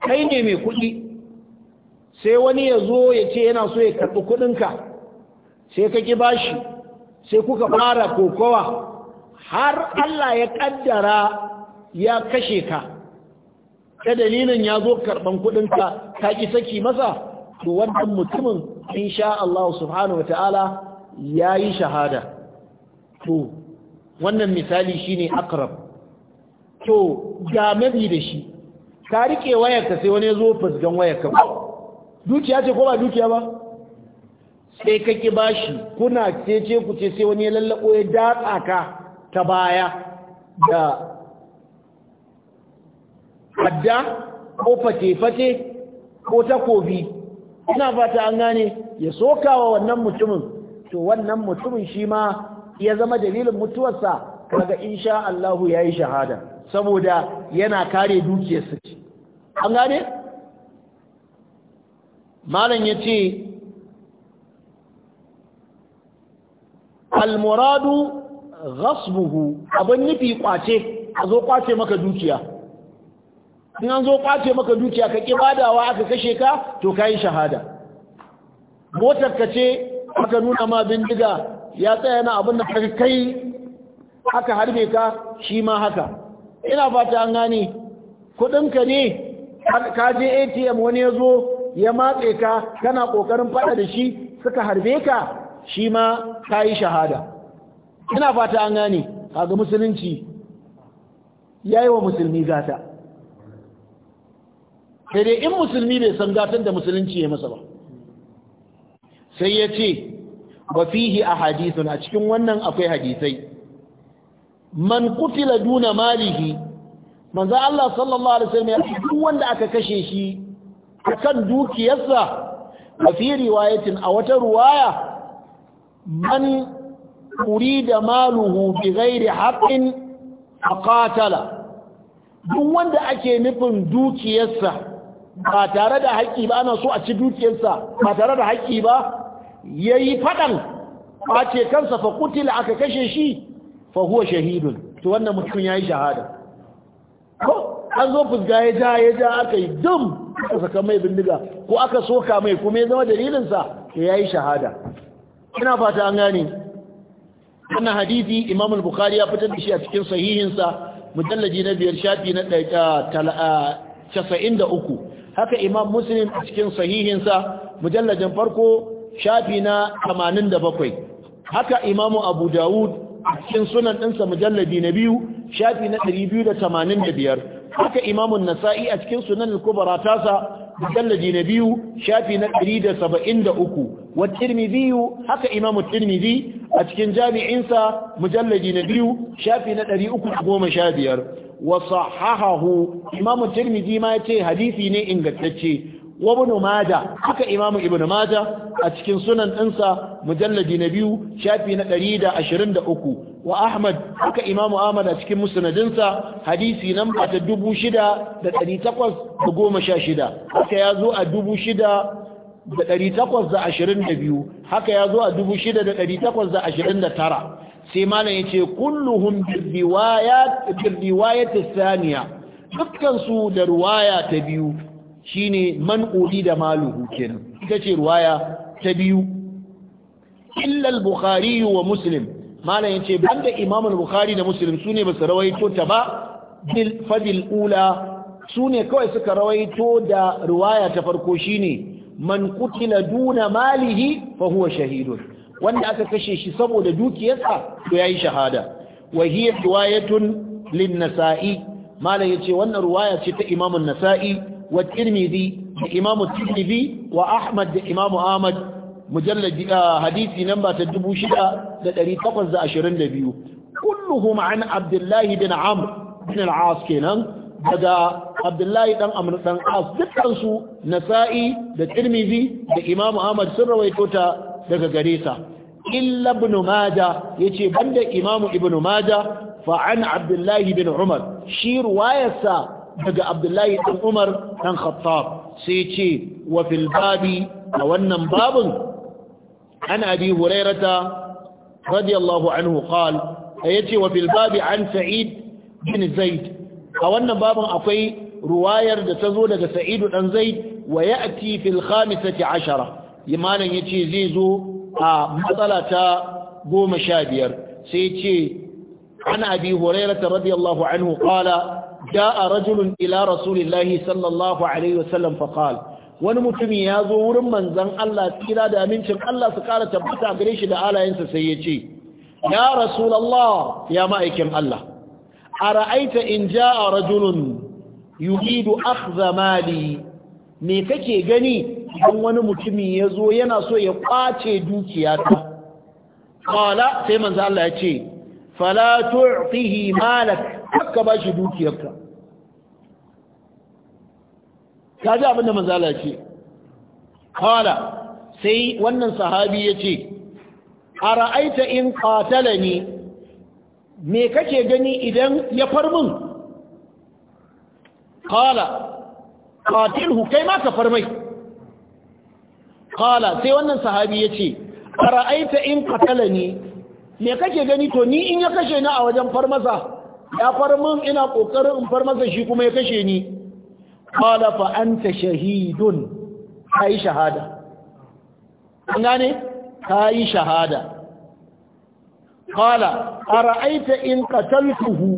kai ne mai kuɗi sai wani ya zo ya ce yana so ya karɓi kuɗinka sai ka ƙi bashi sai kuka fara kokowa har Allah ya ƙaddara ya kashe ka ta dalilin ya zo karɓan kuɗinka ka ƙi saki masa to wannan mutumin insha Allah subhanahu wa ta'ala ya yi shahada to wannan misali shine akrab to ga mabi da shi ka rike wayarka sai wani zo wayar wayarka dukiya ce ko ba dukiya ba sai ka ki bashi kuna cece ku ce sai wani ya lallabo ya datsa ka ta baya da hadda ko fate-fate ko takobi ina fata an gane ya sokawa wannan mutumin to wannan mutumin shi ma ya zama dalilin mutuwarsa kaga insha Allah yi shahada saboda yana kare dukiyarsa ce an gane malam yace al almuradu ghasbuhu abin nufi kwace a zo kwace maka dukiya in an zo kwace maka dukiya ka kibadawa aka kashe ka to ka yi shahada motar ka ce aka nuna ma bindiga ya tsaya na abin da kai aka harbe ka shi ma haka ina fata an gane kudinka ne ka je atm wani ya zo ya matse ka kana kokarin fada da shi suka harbe ka shi ma ka yi shahada ina fata an gane kaga musulunci ya yi wa musulmi gata sai dai in musulmi bai san gatan da musulunci ya masa ba sai ya ce wa fihi ahadithun a cikin wannan akwai hadisai man qutila duna malihi manzo Allah sallallahu alaihi wasallam ya duk wanda aka kashe shi akan dukiyarsa a fi riwayatin a wata ruwaya man urida maluhu bi ghairi haqqin aqatala duk wanda ake nufin dukiyarsa ba tare da haƙƙi ba ana so a ci dukiyarsa ba tare da haƙƙi ba Yayi yi faɗan ɓace kansa fa kutila aka kashe shi fa huwa shahidun to wannan mutum ya yi shahada ko an zo fuska ya ja ya ja aka yi dum aka saka mai bindiga ko aka soka mai kuma ya zama dalilinsa to ya yi shahada ina fata an gane wannan hadisi imam al-bukhari ya fitar da shi a cikin sahihinsa mujallaji na biyar shafi na 93 haka imam muslim a cikin sahihinsa mujallajin farko shafi na 87 haka imamu abu dawud cikin sunan ɗinsa mujalladi na biyu shafi na 285 haka imamun nasa'i a cikin sunan al-kubra tasa mujalladi na biyu shafi na 173 wa biyu haka imamu tirmidhi a cikin jami'insa mujalladi na biyu shafi na 315 wa sahahahu imamu tirmidhi ma ya ce hadisi ne ingantacce wa ibn majah haka imam ibn majah a cikin sunan ɗinsa mujalladi na biyu shafi na ɗari da da ashirin uku. wa ahmad haka imam ahmad a cikin musnadinsa hadisi nan ba ta shida. haka ya zo a dubu shida da da da ɗari takwas ashirin biyu. haka ya zo a dubu shida da da da ɗari takwas ashirin tara. sai malam ya ce bi riwayat bi riwayat thaniya da ruwaya ta biyu shine man da maluhu kenan ita ce ruwaya ta biyu Illal bukhari wa muslim malam yace banda imam al-bukhari da muslim sune basu rawaito ta ba bil fadil ula sune kawai suka rawaito da ruwaya ta farko shine man qutila duna malihi fa huwa shahidun wanda aka kashe shi saboda dukiyarsa to yayi shahada wa hiya riwayatun lin-nasa'i malam yace wannan ruwaya ce ta imam an-nasa'i wa tirmidhi da imamu tirmidhi wa ahmad da imamu ahmad mujalladi hadisi namba ta 6822 kulluhum an abdullahi bin amr bin al kenan daga abdullahi dan amr dan as dukkan su nasa'i da tirmidhi da imamu ahmad sun rawaito ta daga gare sa illa ibn majah yace banda imamu ibn majah fa an abdullahi bin umar shi ruwayarsa daga abdullahi ɗan umar ɗan khattab sai ce wa fil a wannan babin an abi hurairata radiyallahu anhu qal yace wa fil an sa'id bin zaid a wannan babin akwai ruwayar da ta zo daga sa'idu ɗan zaid wa ya'ti fil khamisati ashara imanin yace zai zo a matsala ta goma sha biyar sai ce an abi hurairata radiyallahu anhu qala ja'a rajulun ila rasulillahi sallallahu alaihi wasallam faqal wani mutumi ya zo wurin manzon Allah tsira da amincin Allah su kara tabbata gare shi da alayensa sai ya ce ya rasulallah ya ma'aikin Allah ara'aita in a rajulun yuridu akhdha mali me kake gani don wani mutumi ya zo yana so ya kwace dukiyata qala sai manzon Allah ya ce fala tu'tihi malak ka ba shi dukiyarka ka ji abinda manzala ce kawala sai wannan sahabi ya ce a ra'aita in katala ne me kake gani idan ya far min kala katilhu kai ma ka far mai kala sai wannan sahabi ya ce a ra'aita in katala ne me kake gani to ni in ya kashe na a wajen far masa ya far min ina kokarin in far masa shi kuma ya kashe ni qala fa anta shahidun kai shahada an gane kai shahada qala ara'aita in qataltuhu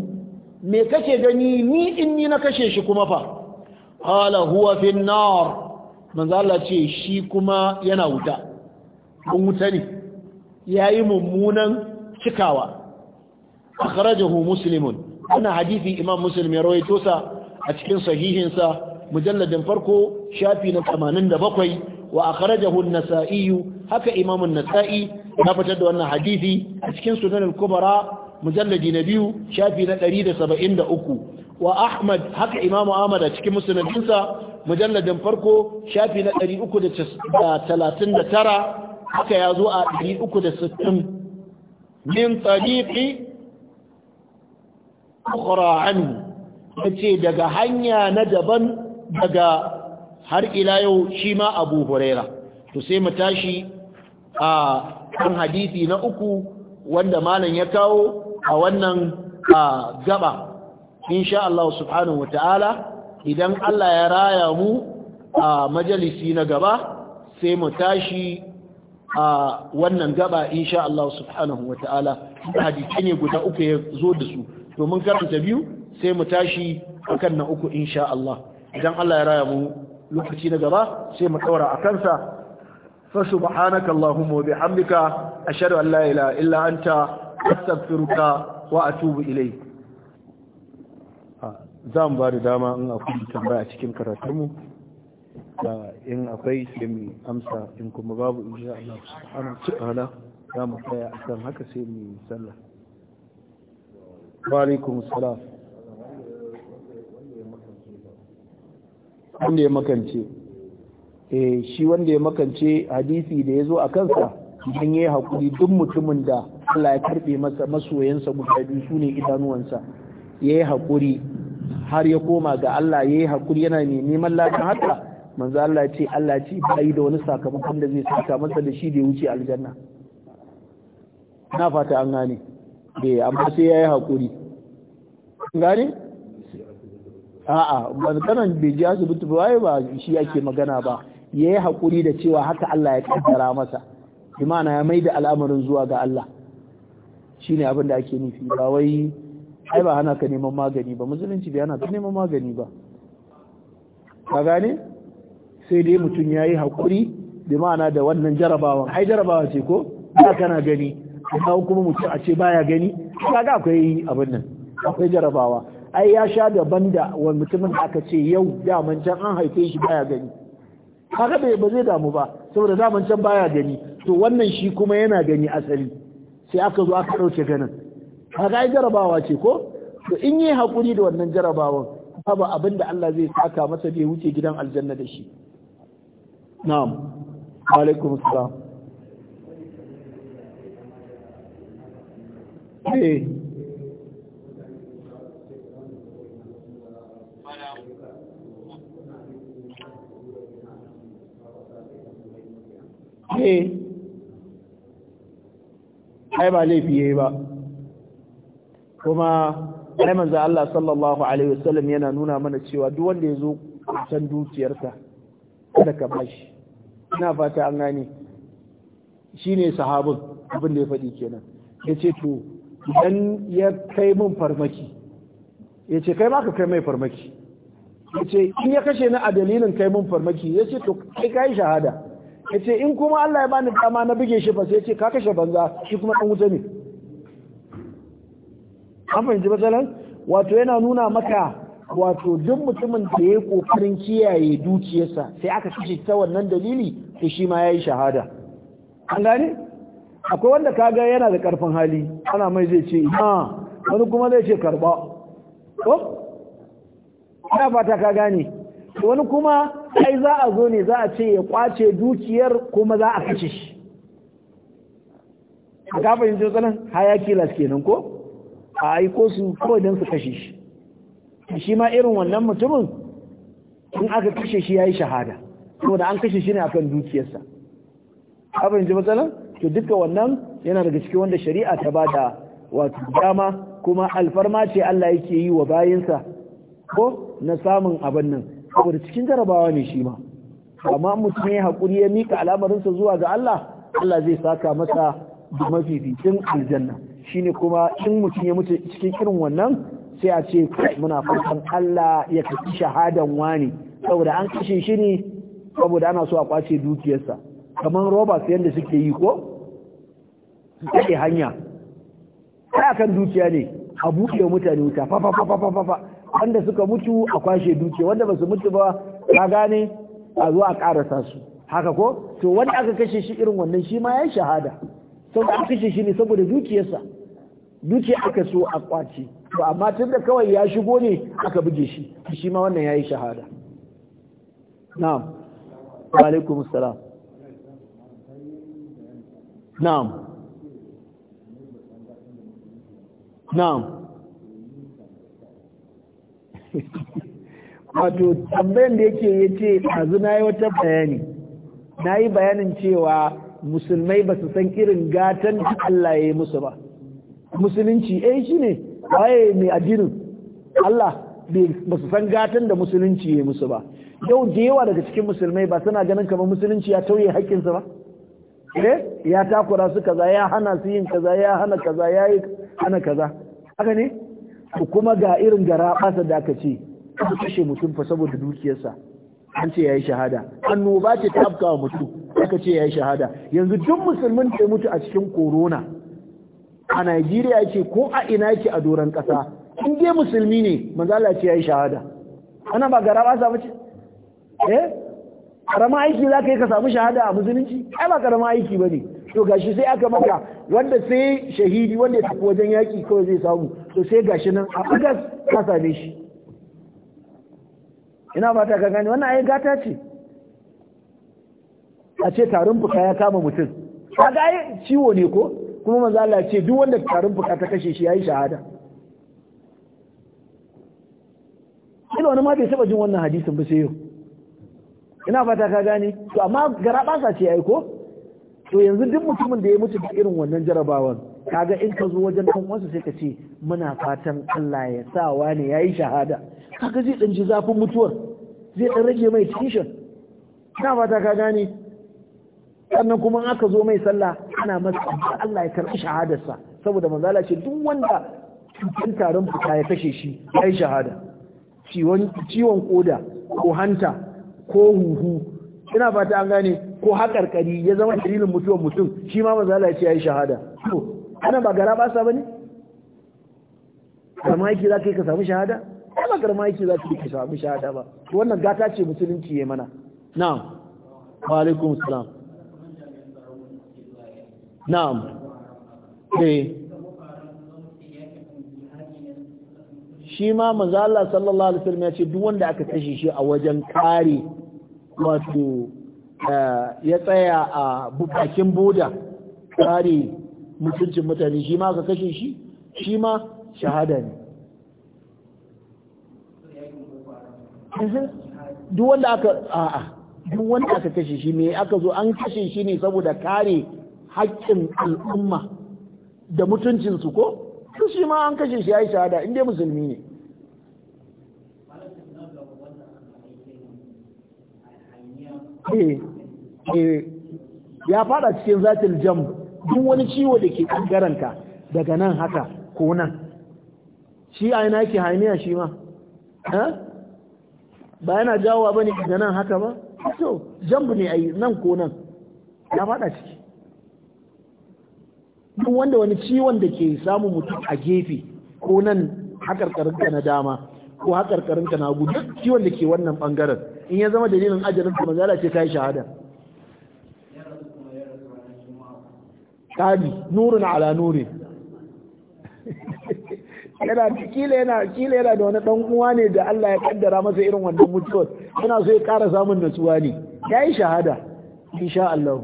me kake gani ni in ni na kashe shi kuma fa qala huwa fi an-nar manzala ce shi kuma yana wuta kun wuta ne yayi mummunan cikawa akhrajahu muslimun wannan hadisi imam muslim ya rawaito sa a cikin sahihinsa, sa mujalladin farko shafi na 87 wa akhrajahu an-nasa'i haka imam an ya fitar da wannan hadisi a cikin sunan al-kubra mujalladi na biyu shafi na 173 wa ahmad haka imam ahmad a cikin musnadin sa mujalladin farko shafi na 339 haka ya zo a 360 min ukhra anhu yace daga hanya na daban daga har ila yau shi ma Abu Huraira to sai mu tashi a kan hadisi na uku wanda malam ya kawo a wannan gaba insha Allah subhanahu wataala idan Allah ya raya mu a majalisi na gaba sai mu tashi a wannan gaba insha Allah subhanahu wataala hadisi ne guda uku ya zo da su Domin karanta biyu sai mu tashi kan na uku insha Allah idan Allah ya raya mu lokaci na gaba sai mu daura a kansa. fa subhanaka allahumma wa bihamdika ashhadu an la ilaha illa anta astaghfiruka wa atubu za mu ba da dama in akwai tambaya cikin karatunmu in akwai sai mu amsa in kuma babu insha Allah subhanahu wa ta'ala za mu tsaya akan haka sai mu sallah Walaikun salam. Wanda ya makance. E, shi wanda ya makance hadisi da ya zo a kansa idan ya yi haƙuri duk mutumin da Allah ya karɓe masa masoyansa guda biyu su ne idanuwansa ya yi haƙuri har ya koma ga Allah ya yi haƙuri yana mai neman ladan haka manzo Allah ce Allah ce bai da wani sakamakon da zai saka masa da shi da ya wuce aljanna na fata an gane eh amma sai ya yi hakuri gane a'a maganan bai ji asibiti ba wai ba shi ake magana ba ya yi hakuri da cewa haka Allah ya kaddara masa imana ya maida al'amarin zuwa ga Allah shine abin da ake nufi ba wai ai ba hana ka neman magani ba musulunci bai hana ka neman magani ba ka gane sai dai mutum yi hakuri bi ma'ana da wannan jarabawan ai jarabawa ce ko ba kana gani amma kuma mutum a ce baya gani kaga akwai abin nan akwai jarabawa ai ya sha daban da wa mutumin da aka ce yau daman can an haife shi baya gani kaga bai ba zai damu ba saboda daman can baya gani to wannan shi kuma yana gani asali sai aka zo aka ɗauke ganin kaga ai jarabawa ce ko to in yi hakuri da wannan jarabawan babu abin da Allah zai saka masa bai wuce gidan aljanna da shi na'am alaikum Eh. Eh. ai ba laifi yayi ba kuma ai manzo Allah sallallahu alaihi wasallam yana nuna mana cewa duk wanda ya zo kusan dukiyarsa kada ka bashi ina fata an gane shine sahabin abin da ya faɗi kenan ya ce to idan ya kai mun farmaki ya ce kai ma kai mai farmaki ya ce in ya kashe ni a dalilin kai mun farmaki ya ce to kai kai shahada ya ce in kuma Allah ya bani dama na buge shi fa sai ya ce ka kashe banza shi kuma dan wuta ne an fahimci matsalan wato yana nuna maka wato duk mutumin da ya yi kokarin kiyaye dukiyarsa sai aka kashe ta wannan dalili to shi ma ya yi shahada an gane akwai wanda kaga yana da karfin hali ana mai zai ce ha wani kuma zai ce karba ko ina fata ka gane wani kuma ai za a zo ne za a ce ya kwace dukiyar kuma za a kace shi a ka fahimci tsanan hayaki las kenan ko a aiko su kawai don su kashe shi shi ma irin wannan mutumin in aka kashe shi ya yi shahada saboda an kashe shi ne akan dukiyarsa ka fahimci matsalan to duka wannan yana daga cikin wanda shari'a ta bada wato dama kuma alfarma ce Allah yake yi wa bayinsa ko na samun abin nan saboda cikin jarabawa ne shi ma amma mutum ya hakuri ya mika alamarin sa zuwa ga Allah Allah zai saka masa mafi aljanna shine kuma in mutum ya mutu cikin irin wannan sai a ce muna fatan Allah ya kaci shahadan wani saboda an kashe shi ne saboda ana so a kwace dukiyarsa kamar roba su yadda suke yi ko su take hanya ta kan dukiya ne a buɗe mutane wuta fafafafafafa wanda suka mutu a kwashe dukiya wanda ba su mutu ba ka gane a zo a ƙarasa su haka ko to wanda aka kashe shi irin wannan shi ma ya shahada sau da aka kashe shi ne saboda dukiyarsa dukiya aka so a kwace to amma tun da kawai ya shigo ne aka buge shi shi ma wannan ya yi shahada na'am wa alaikum salam na'am na'am [laughs] wato tambayan da yake ya ce yanzu na yi wata bayani na yi bayanin cewa musulmai ba su san irin gatan da Allah ya yi musu ba musulunci eh shi ne waye mai addinin Allah ba su san gatan da musulunci ya yi musu ba yau da yawa daga cikin musulmai ba suna ganin kamar musulunci ya tauye haƙƙinsa ba eh ya takura su kaza ya hana su yin kaza ya hana kaza ya yi hana kaza haka ne kuma ga irin gara basa da aka ce ku kashe mutum fa saboda dukiyarsa an ce yayi shahada annoba ce ta afkawa mutum aka ce yayi shahada yanzu duk musulmin da mutu a cikin corona a Najeriya ce ko a ina ce a doron kasa in dai musulmi ne manzo Allah ce yayi shahada ana ba gara ba bace eh karama aiki za ka yi ka samu shahada a musulunci ai ba karama aiki ba ne to gashi sai aka maka wanda sai shahidi wanda ya tafi wajen yaƙi kawai zai samu to sai gashi nan a agas ka same shi ina ta ka ne wannan ayi gata ce a ce tarin fuka ya kama mutum kaga ai ciwo ne ko kuma manzo Allah ce duk wanda tarin fuka ta kashe shi yayi shahada ina wani ma bai saba jin wannan hadisin ba sai yau ina fata ka gani to amma gara ɓasa ce aiko to yanzu duk mutumin da ya mutu da irin wannan jarabawan kaga in ka zo wajen ɗan wasu sai ka ce muna fatan Allah ya sa wani yayi shahada kaga zai dan ji zafin mutuwar zai dan rage mai tension ina fata ka gani sannan kuma aka zo mai sallah ana masa Allah ya karbi shahadarsa saboda maza ce duk wanda cikin tarin fita ya kashe shi yayi shahada ciwon ciwon koda ko hanta ko huhu ina fata an gane ko haƙarƙari ya zama dalilin mutuwar mutum shi ma maza Allah ya ce shahada to ana ba gara ba sa bane karma yake za ka yi ka samu shahada ba karma yake za ka yi ka samu shahada ba wannan gata ce musulunci ya mana na'am wa alaikum salam na'am eh shi ma manzo Allah sallallahu alaihi wasallam ya ce duk wanda aka kashe shi a wajen kare wato eh, ya tsaya a bukakin boda kare mutuncin mutane shi ma aka kashe shi shi ma shahada ne duk wanda aka a'a duk wanda aka kashe shi me aka zo an kashe shi ne saboda kare haƙƙin al'umma da mutuncinsu ko shi ma an kashe shi ya yi shahada inda musulmi ne Eh, eh, ya fada cikin zatil jam duk wani ciwo da ke ka daga nan haka ko nan shi aina yana ke hainiya shi ma ba yana jawowa ba ne daga nan haka ba to jambu ne a yi nan ko nan ya fada ciki duk wanda wani ciwon da ke samun mutum a gefe ko nan haƙarƙarinka na dama ko haƙarƙarinka na gudu duk ciwon da ke wannan bangaren in ya zama dalilin ajalin ka manzo ce ce yi shahada kadi nurun ala nuri yana kila yana kila yana da wani dan uwa ne da Allah ya kaddara masa irin wannan mutuwar yana so ya kara samun natsuwa ne yayi shahada insha Allah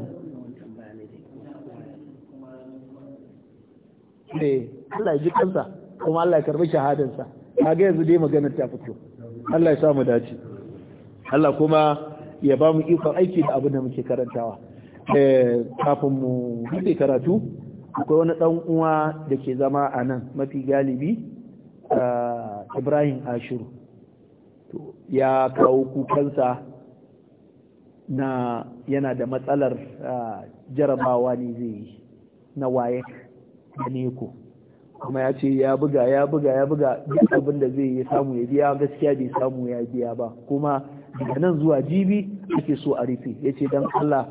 ne eh, Allah ya ji kansa kuma Allah ya karbi shahadansa kaga yanzu dai magana ta fito Allah ya samu dace Allah kuma ya ba mu ikon aiki da abin da muke karantawa eh, kafin mu rufe karatu akwai wani ɗan uwa da ke zama a nan mafi galibi ah, Ibrahim Ashiru ya kawo kukansa na yana da matsalar ah, jarabawa ne zai yi na waye da neko kuma ya ce ya buga ya buga ya buga duk abin da zai samu ya biya gaskiya bai samu ya biya ba kuma daga nan zuwa jibi ake so a rufe ya ce don Allah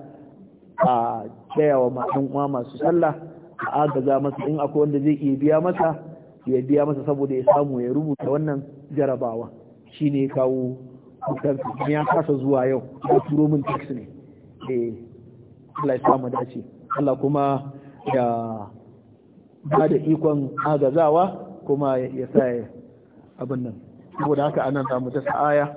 a tsaya wa matan uwa masu sallah a agaza masa in akwai wanda zai iya biya masa ya biya masa saboda ya samu ya rubuta wannan jarabawa shi ne kawo kukansu ya kasa zuwa yau ya turo min tax ne eh Allah ya samu dace Allah kuma ya ba da ikon agazawa kuma ya sa abin nan saboda haka anan za mu dasa aya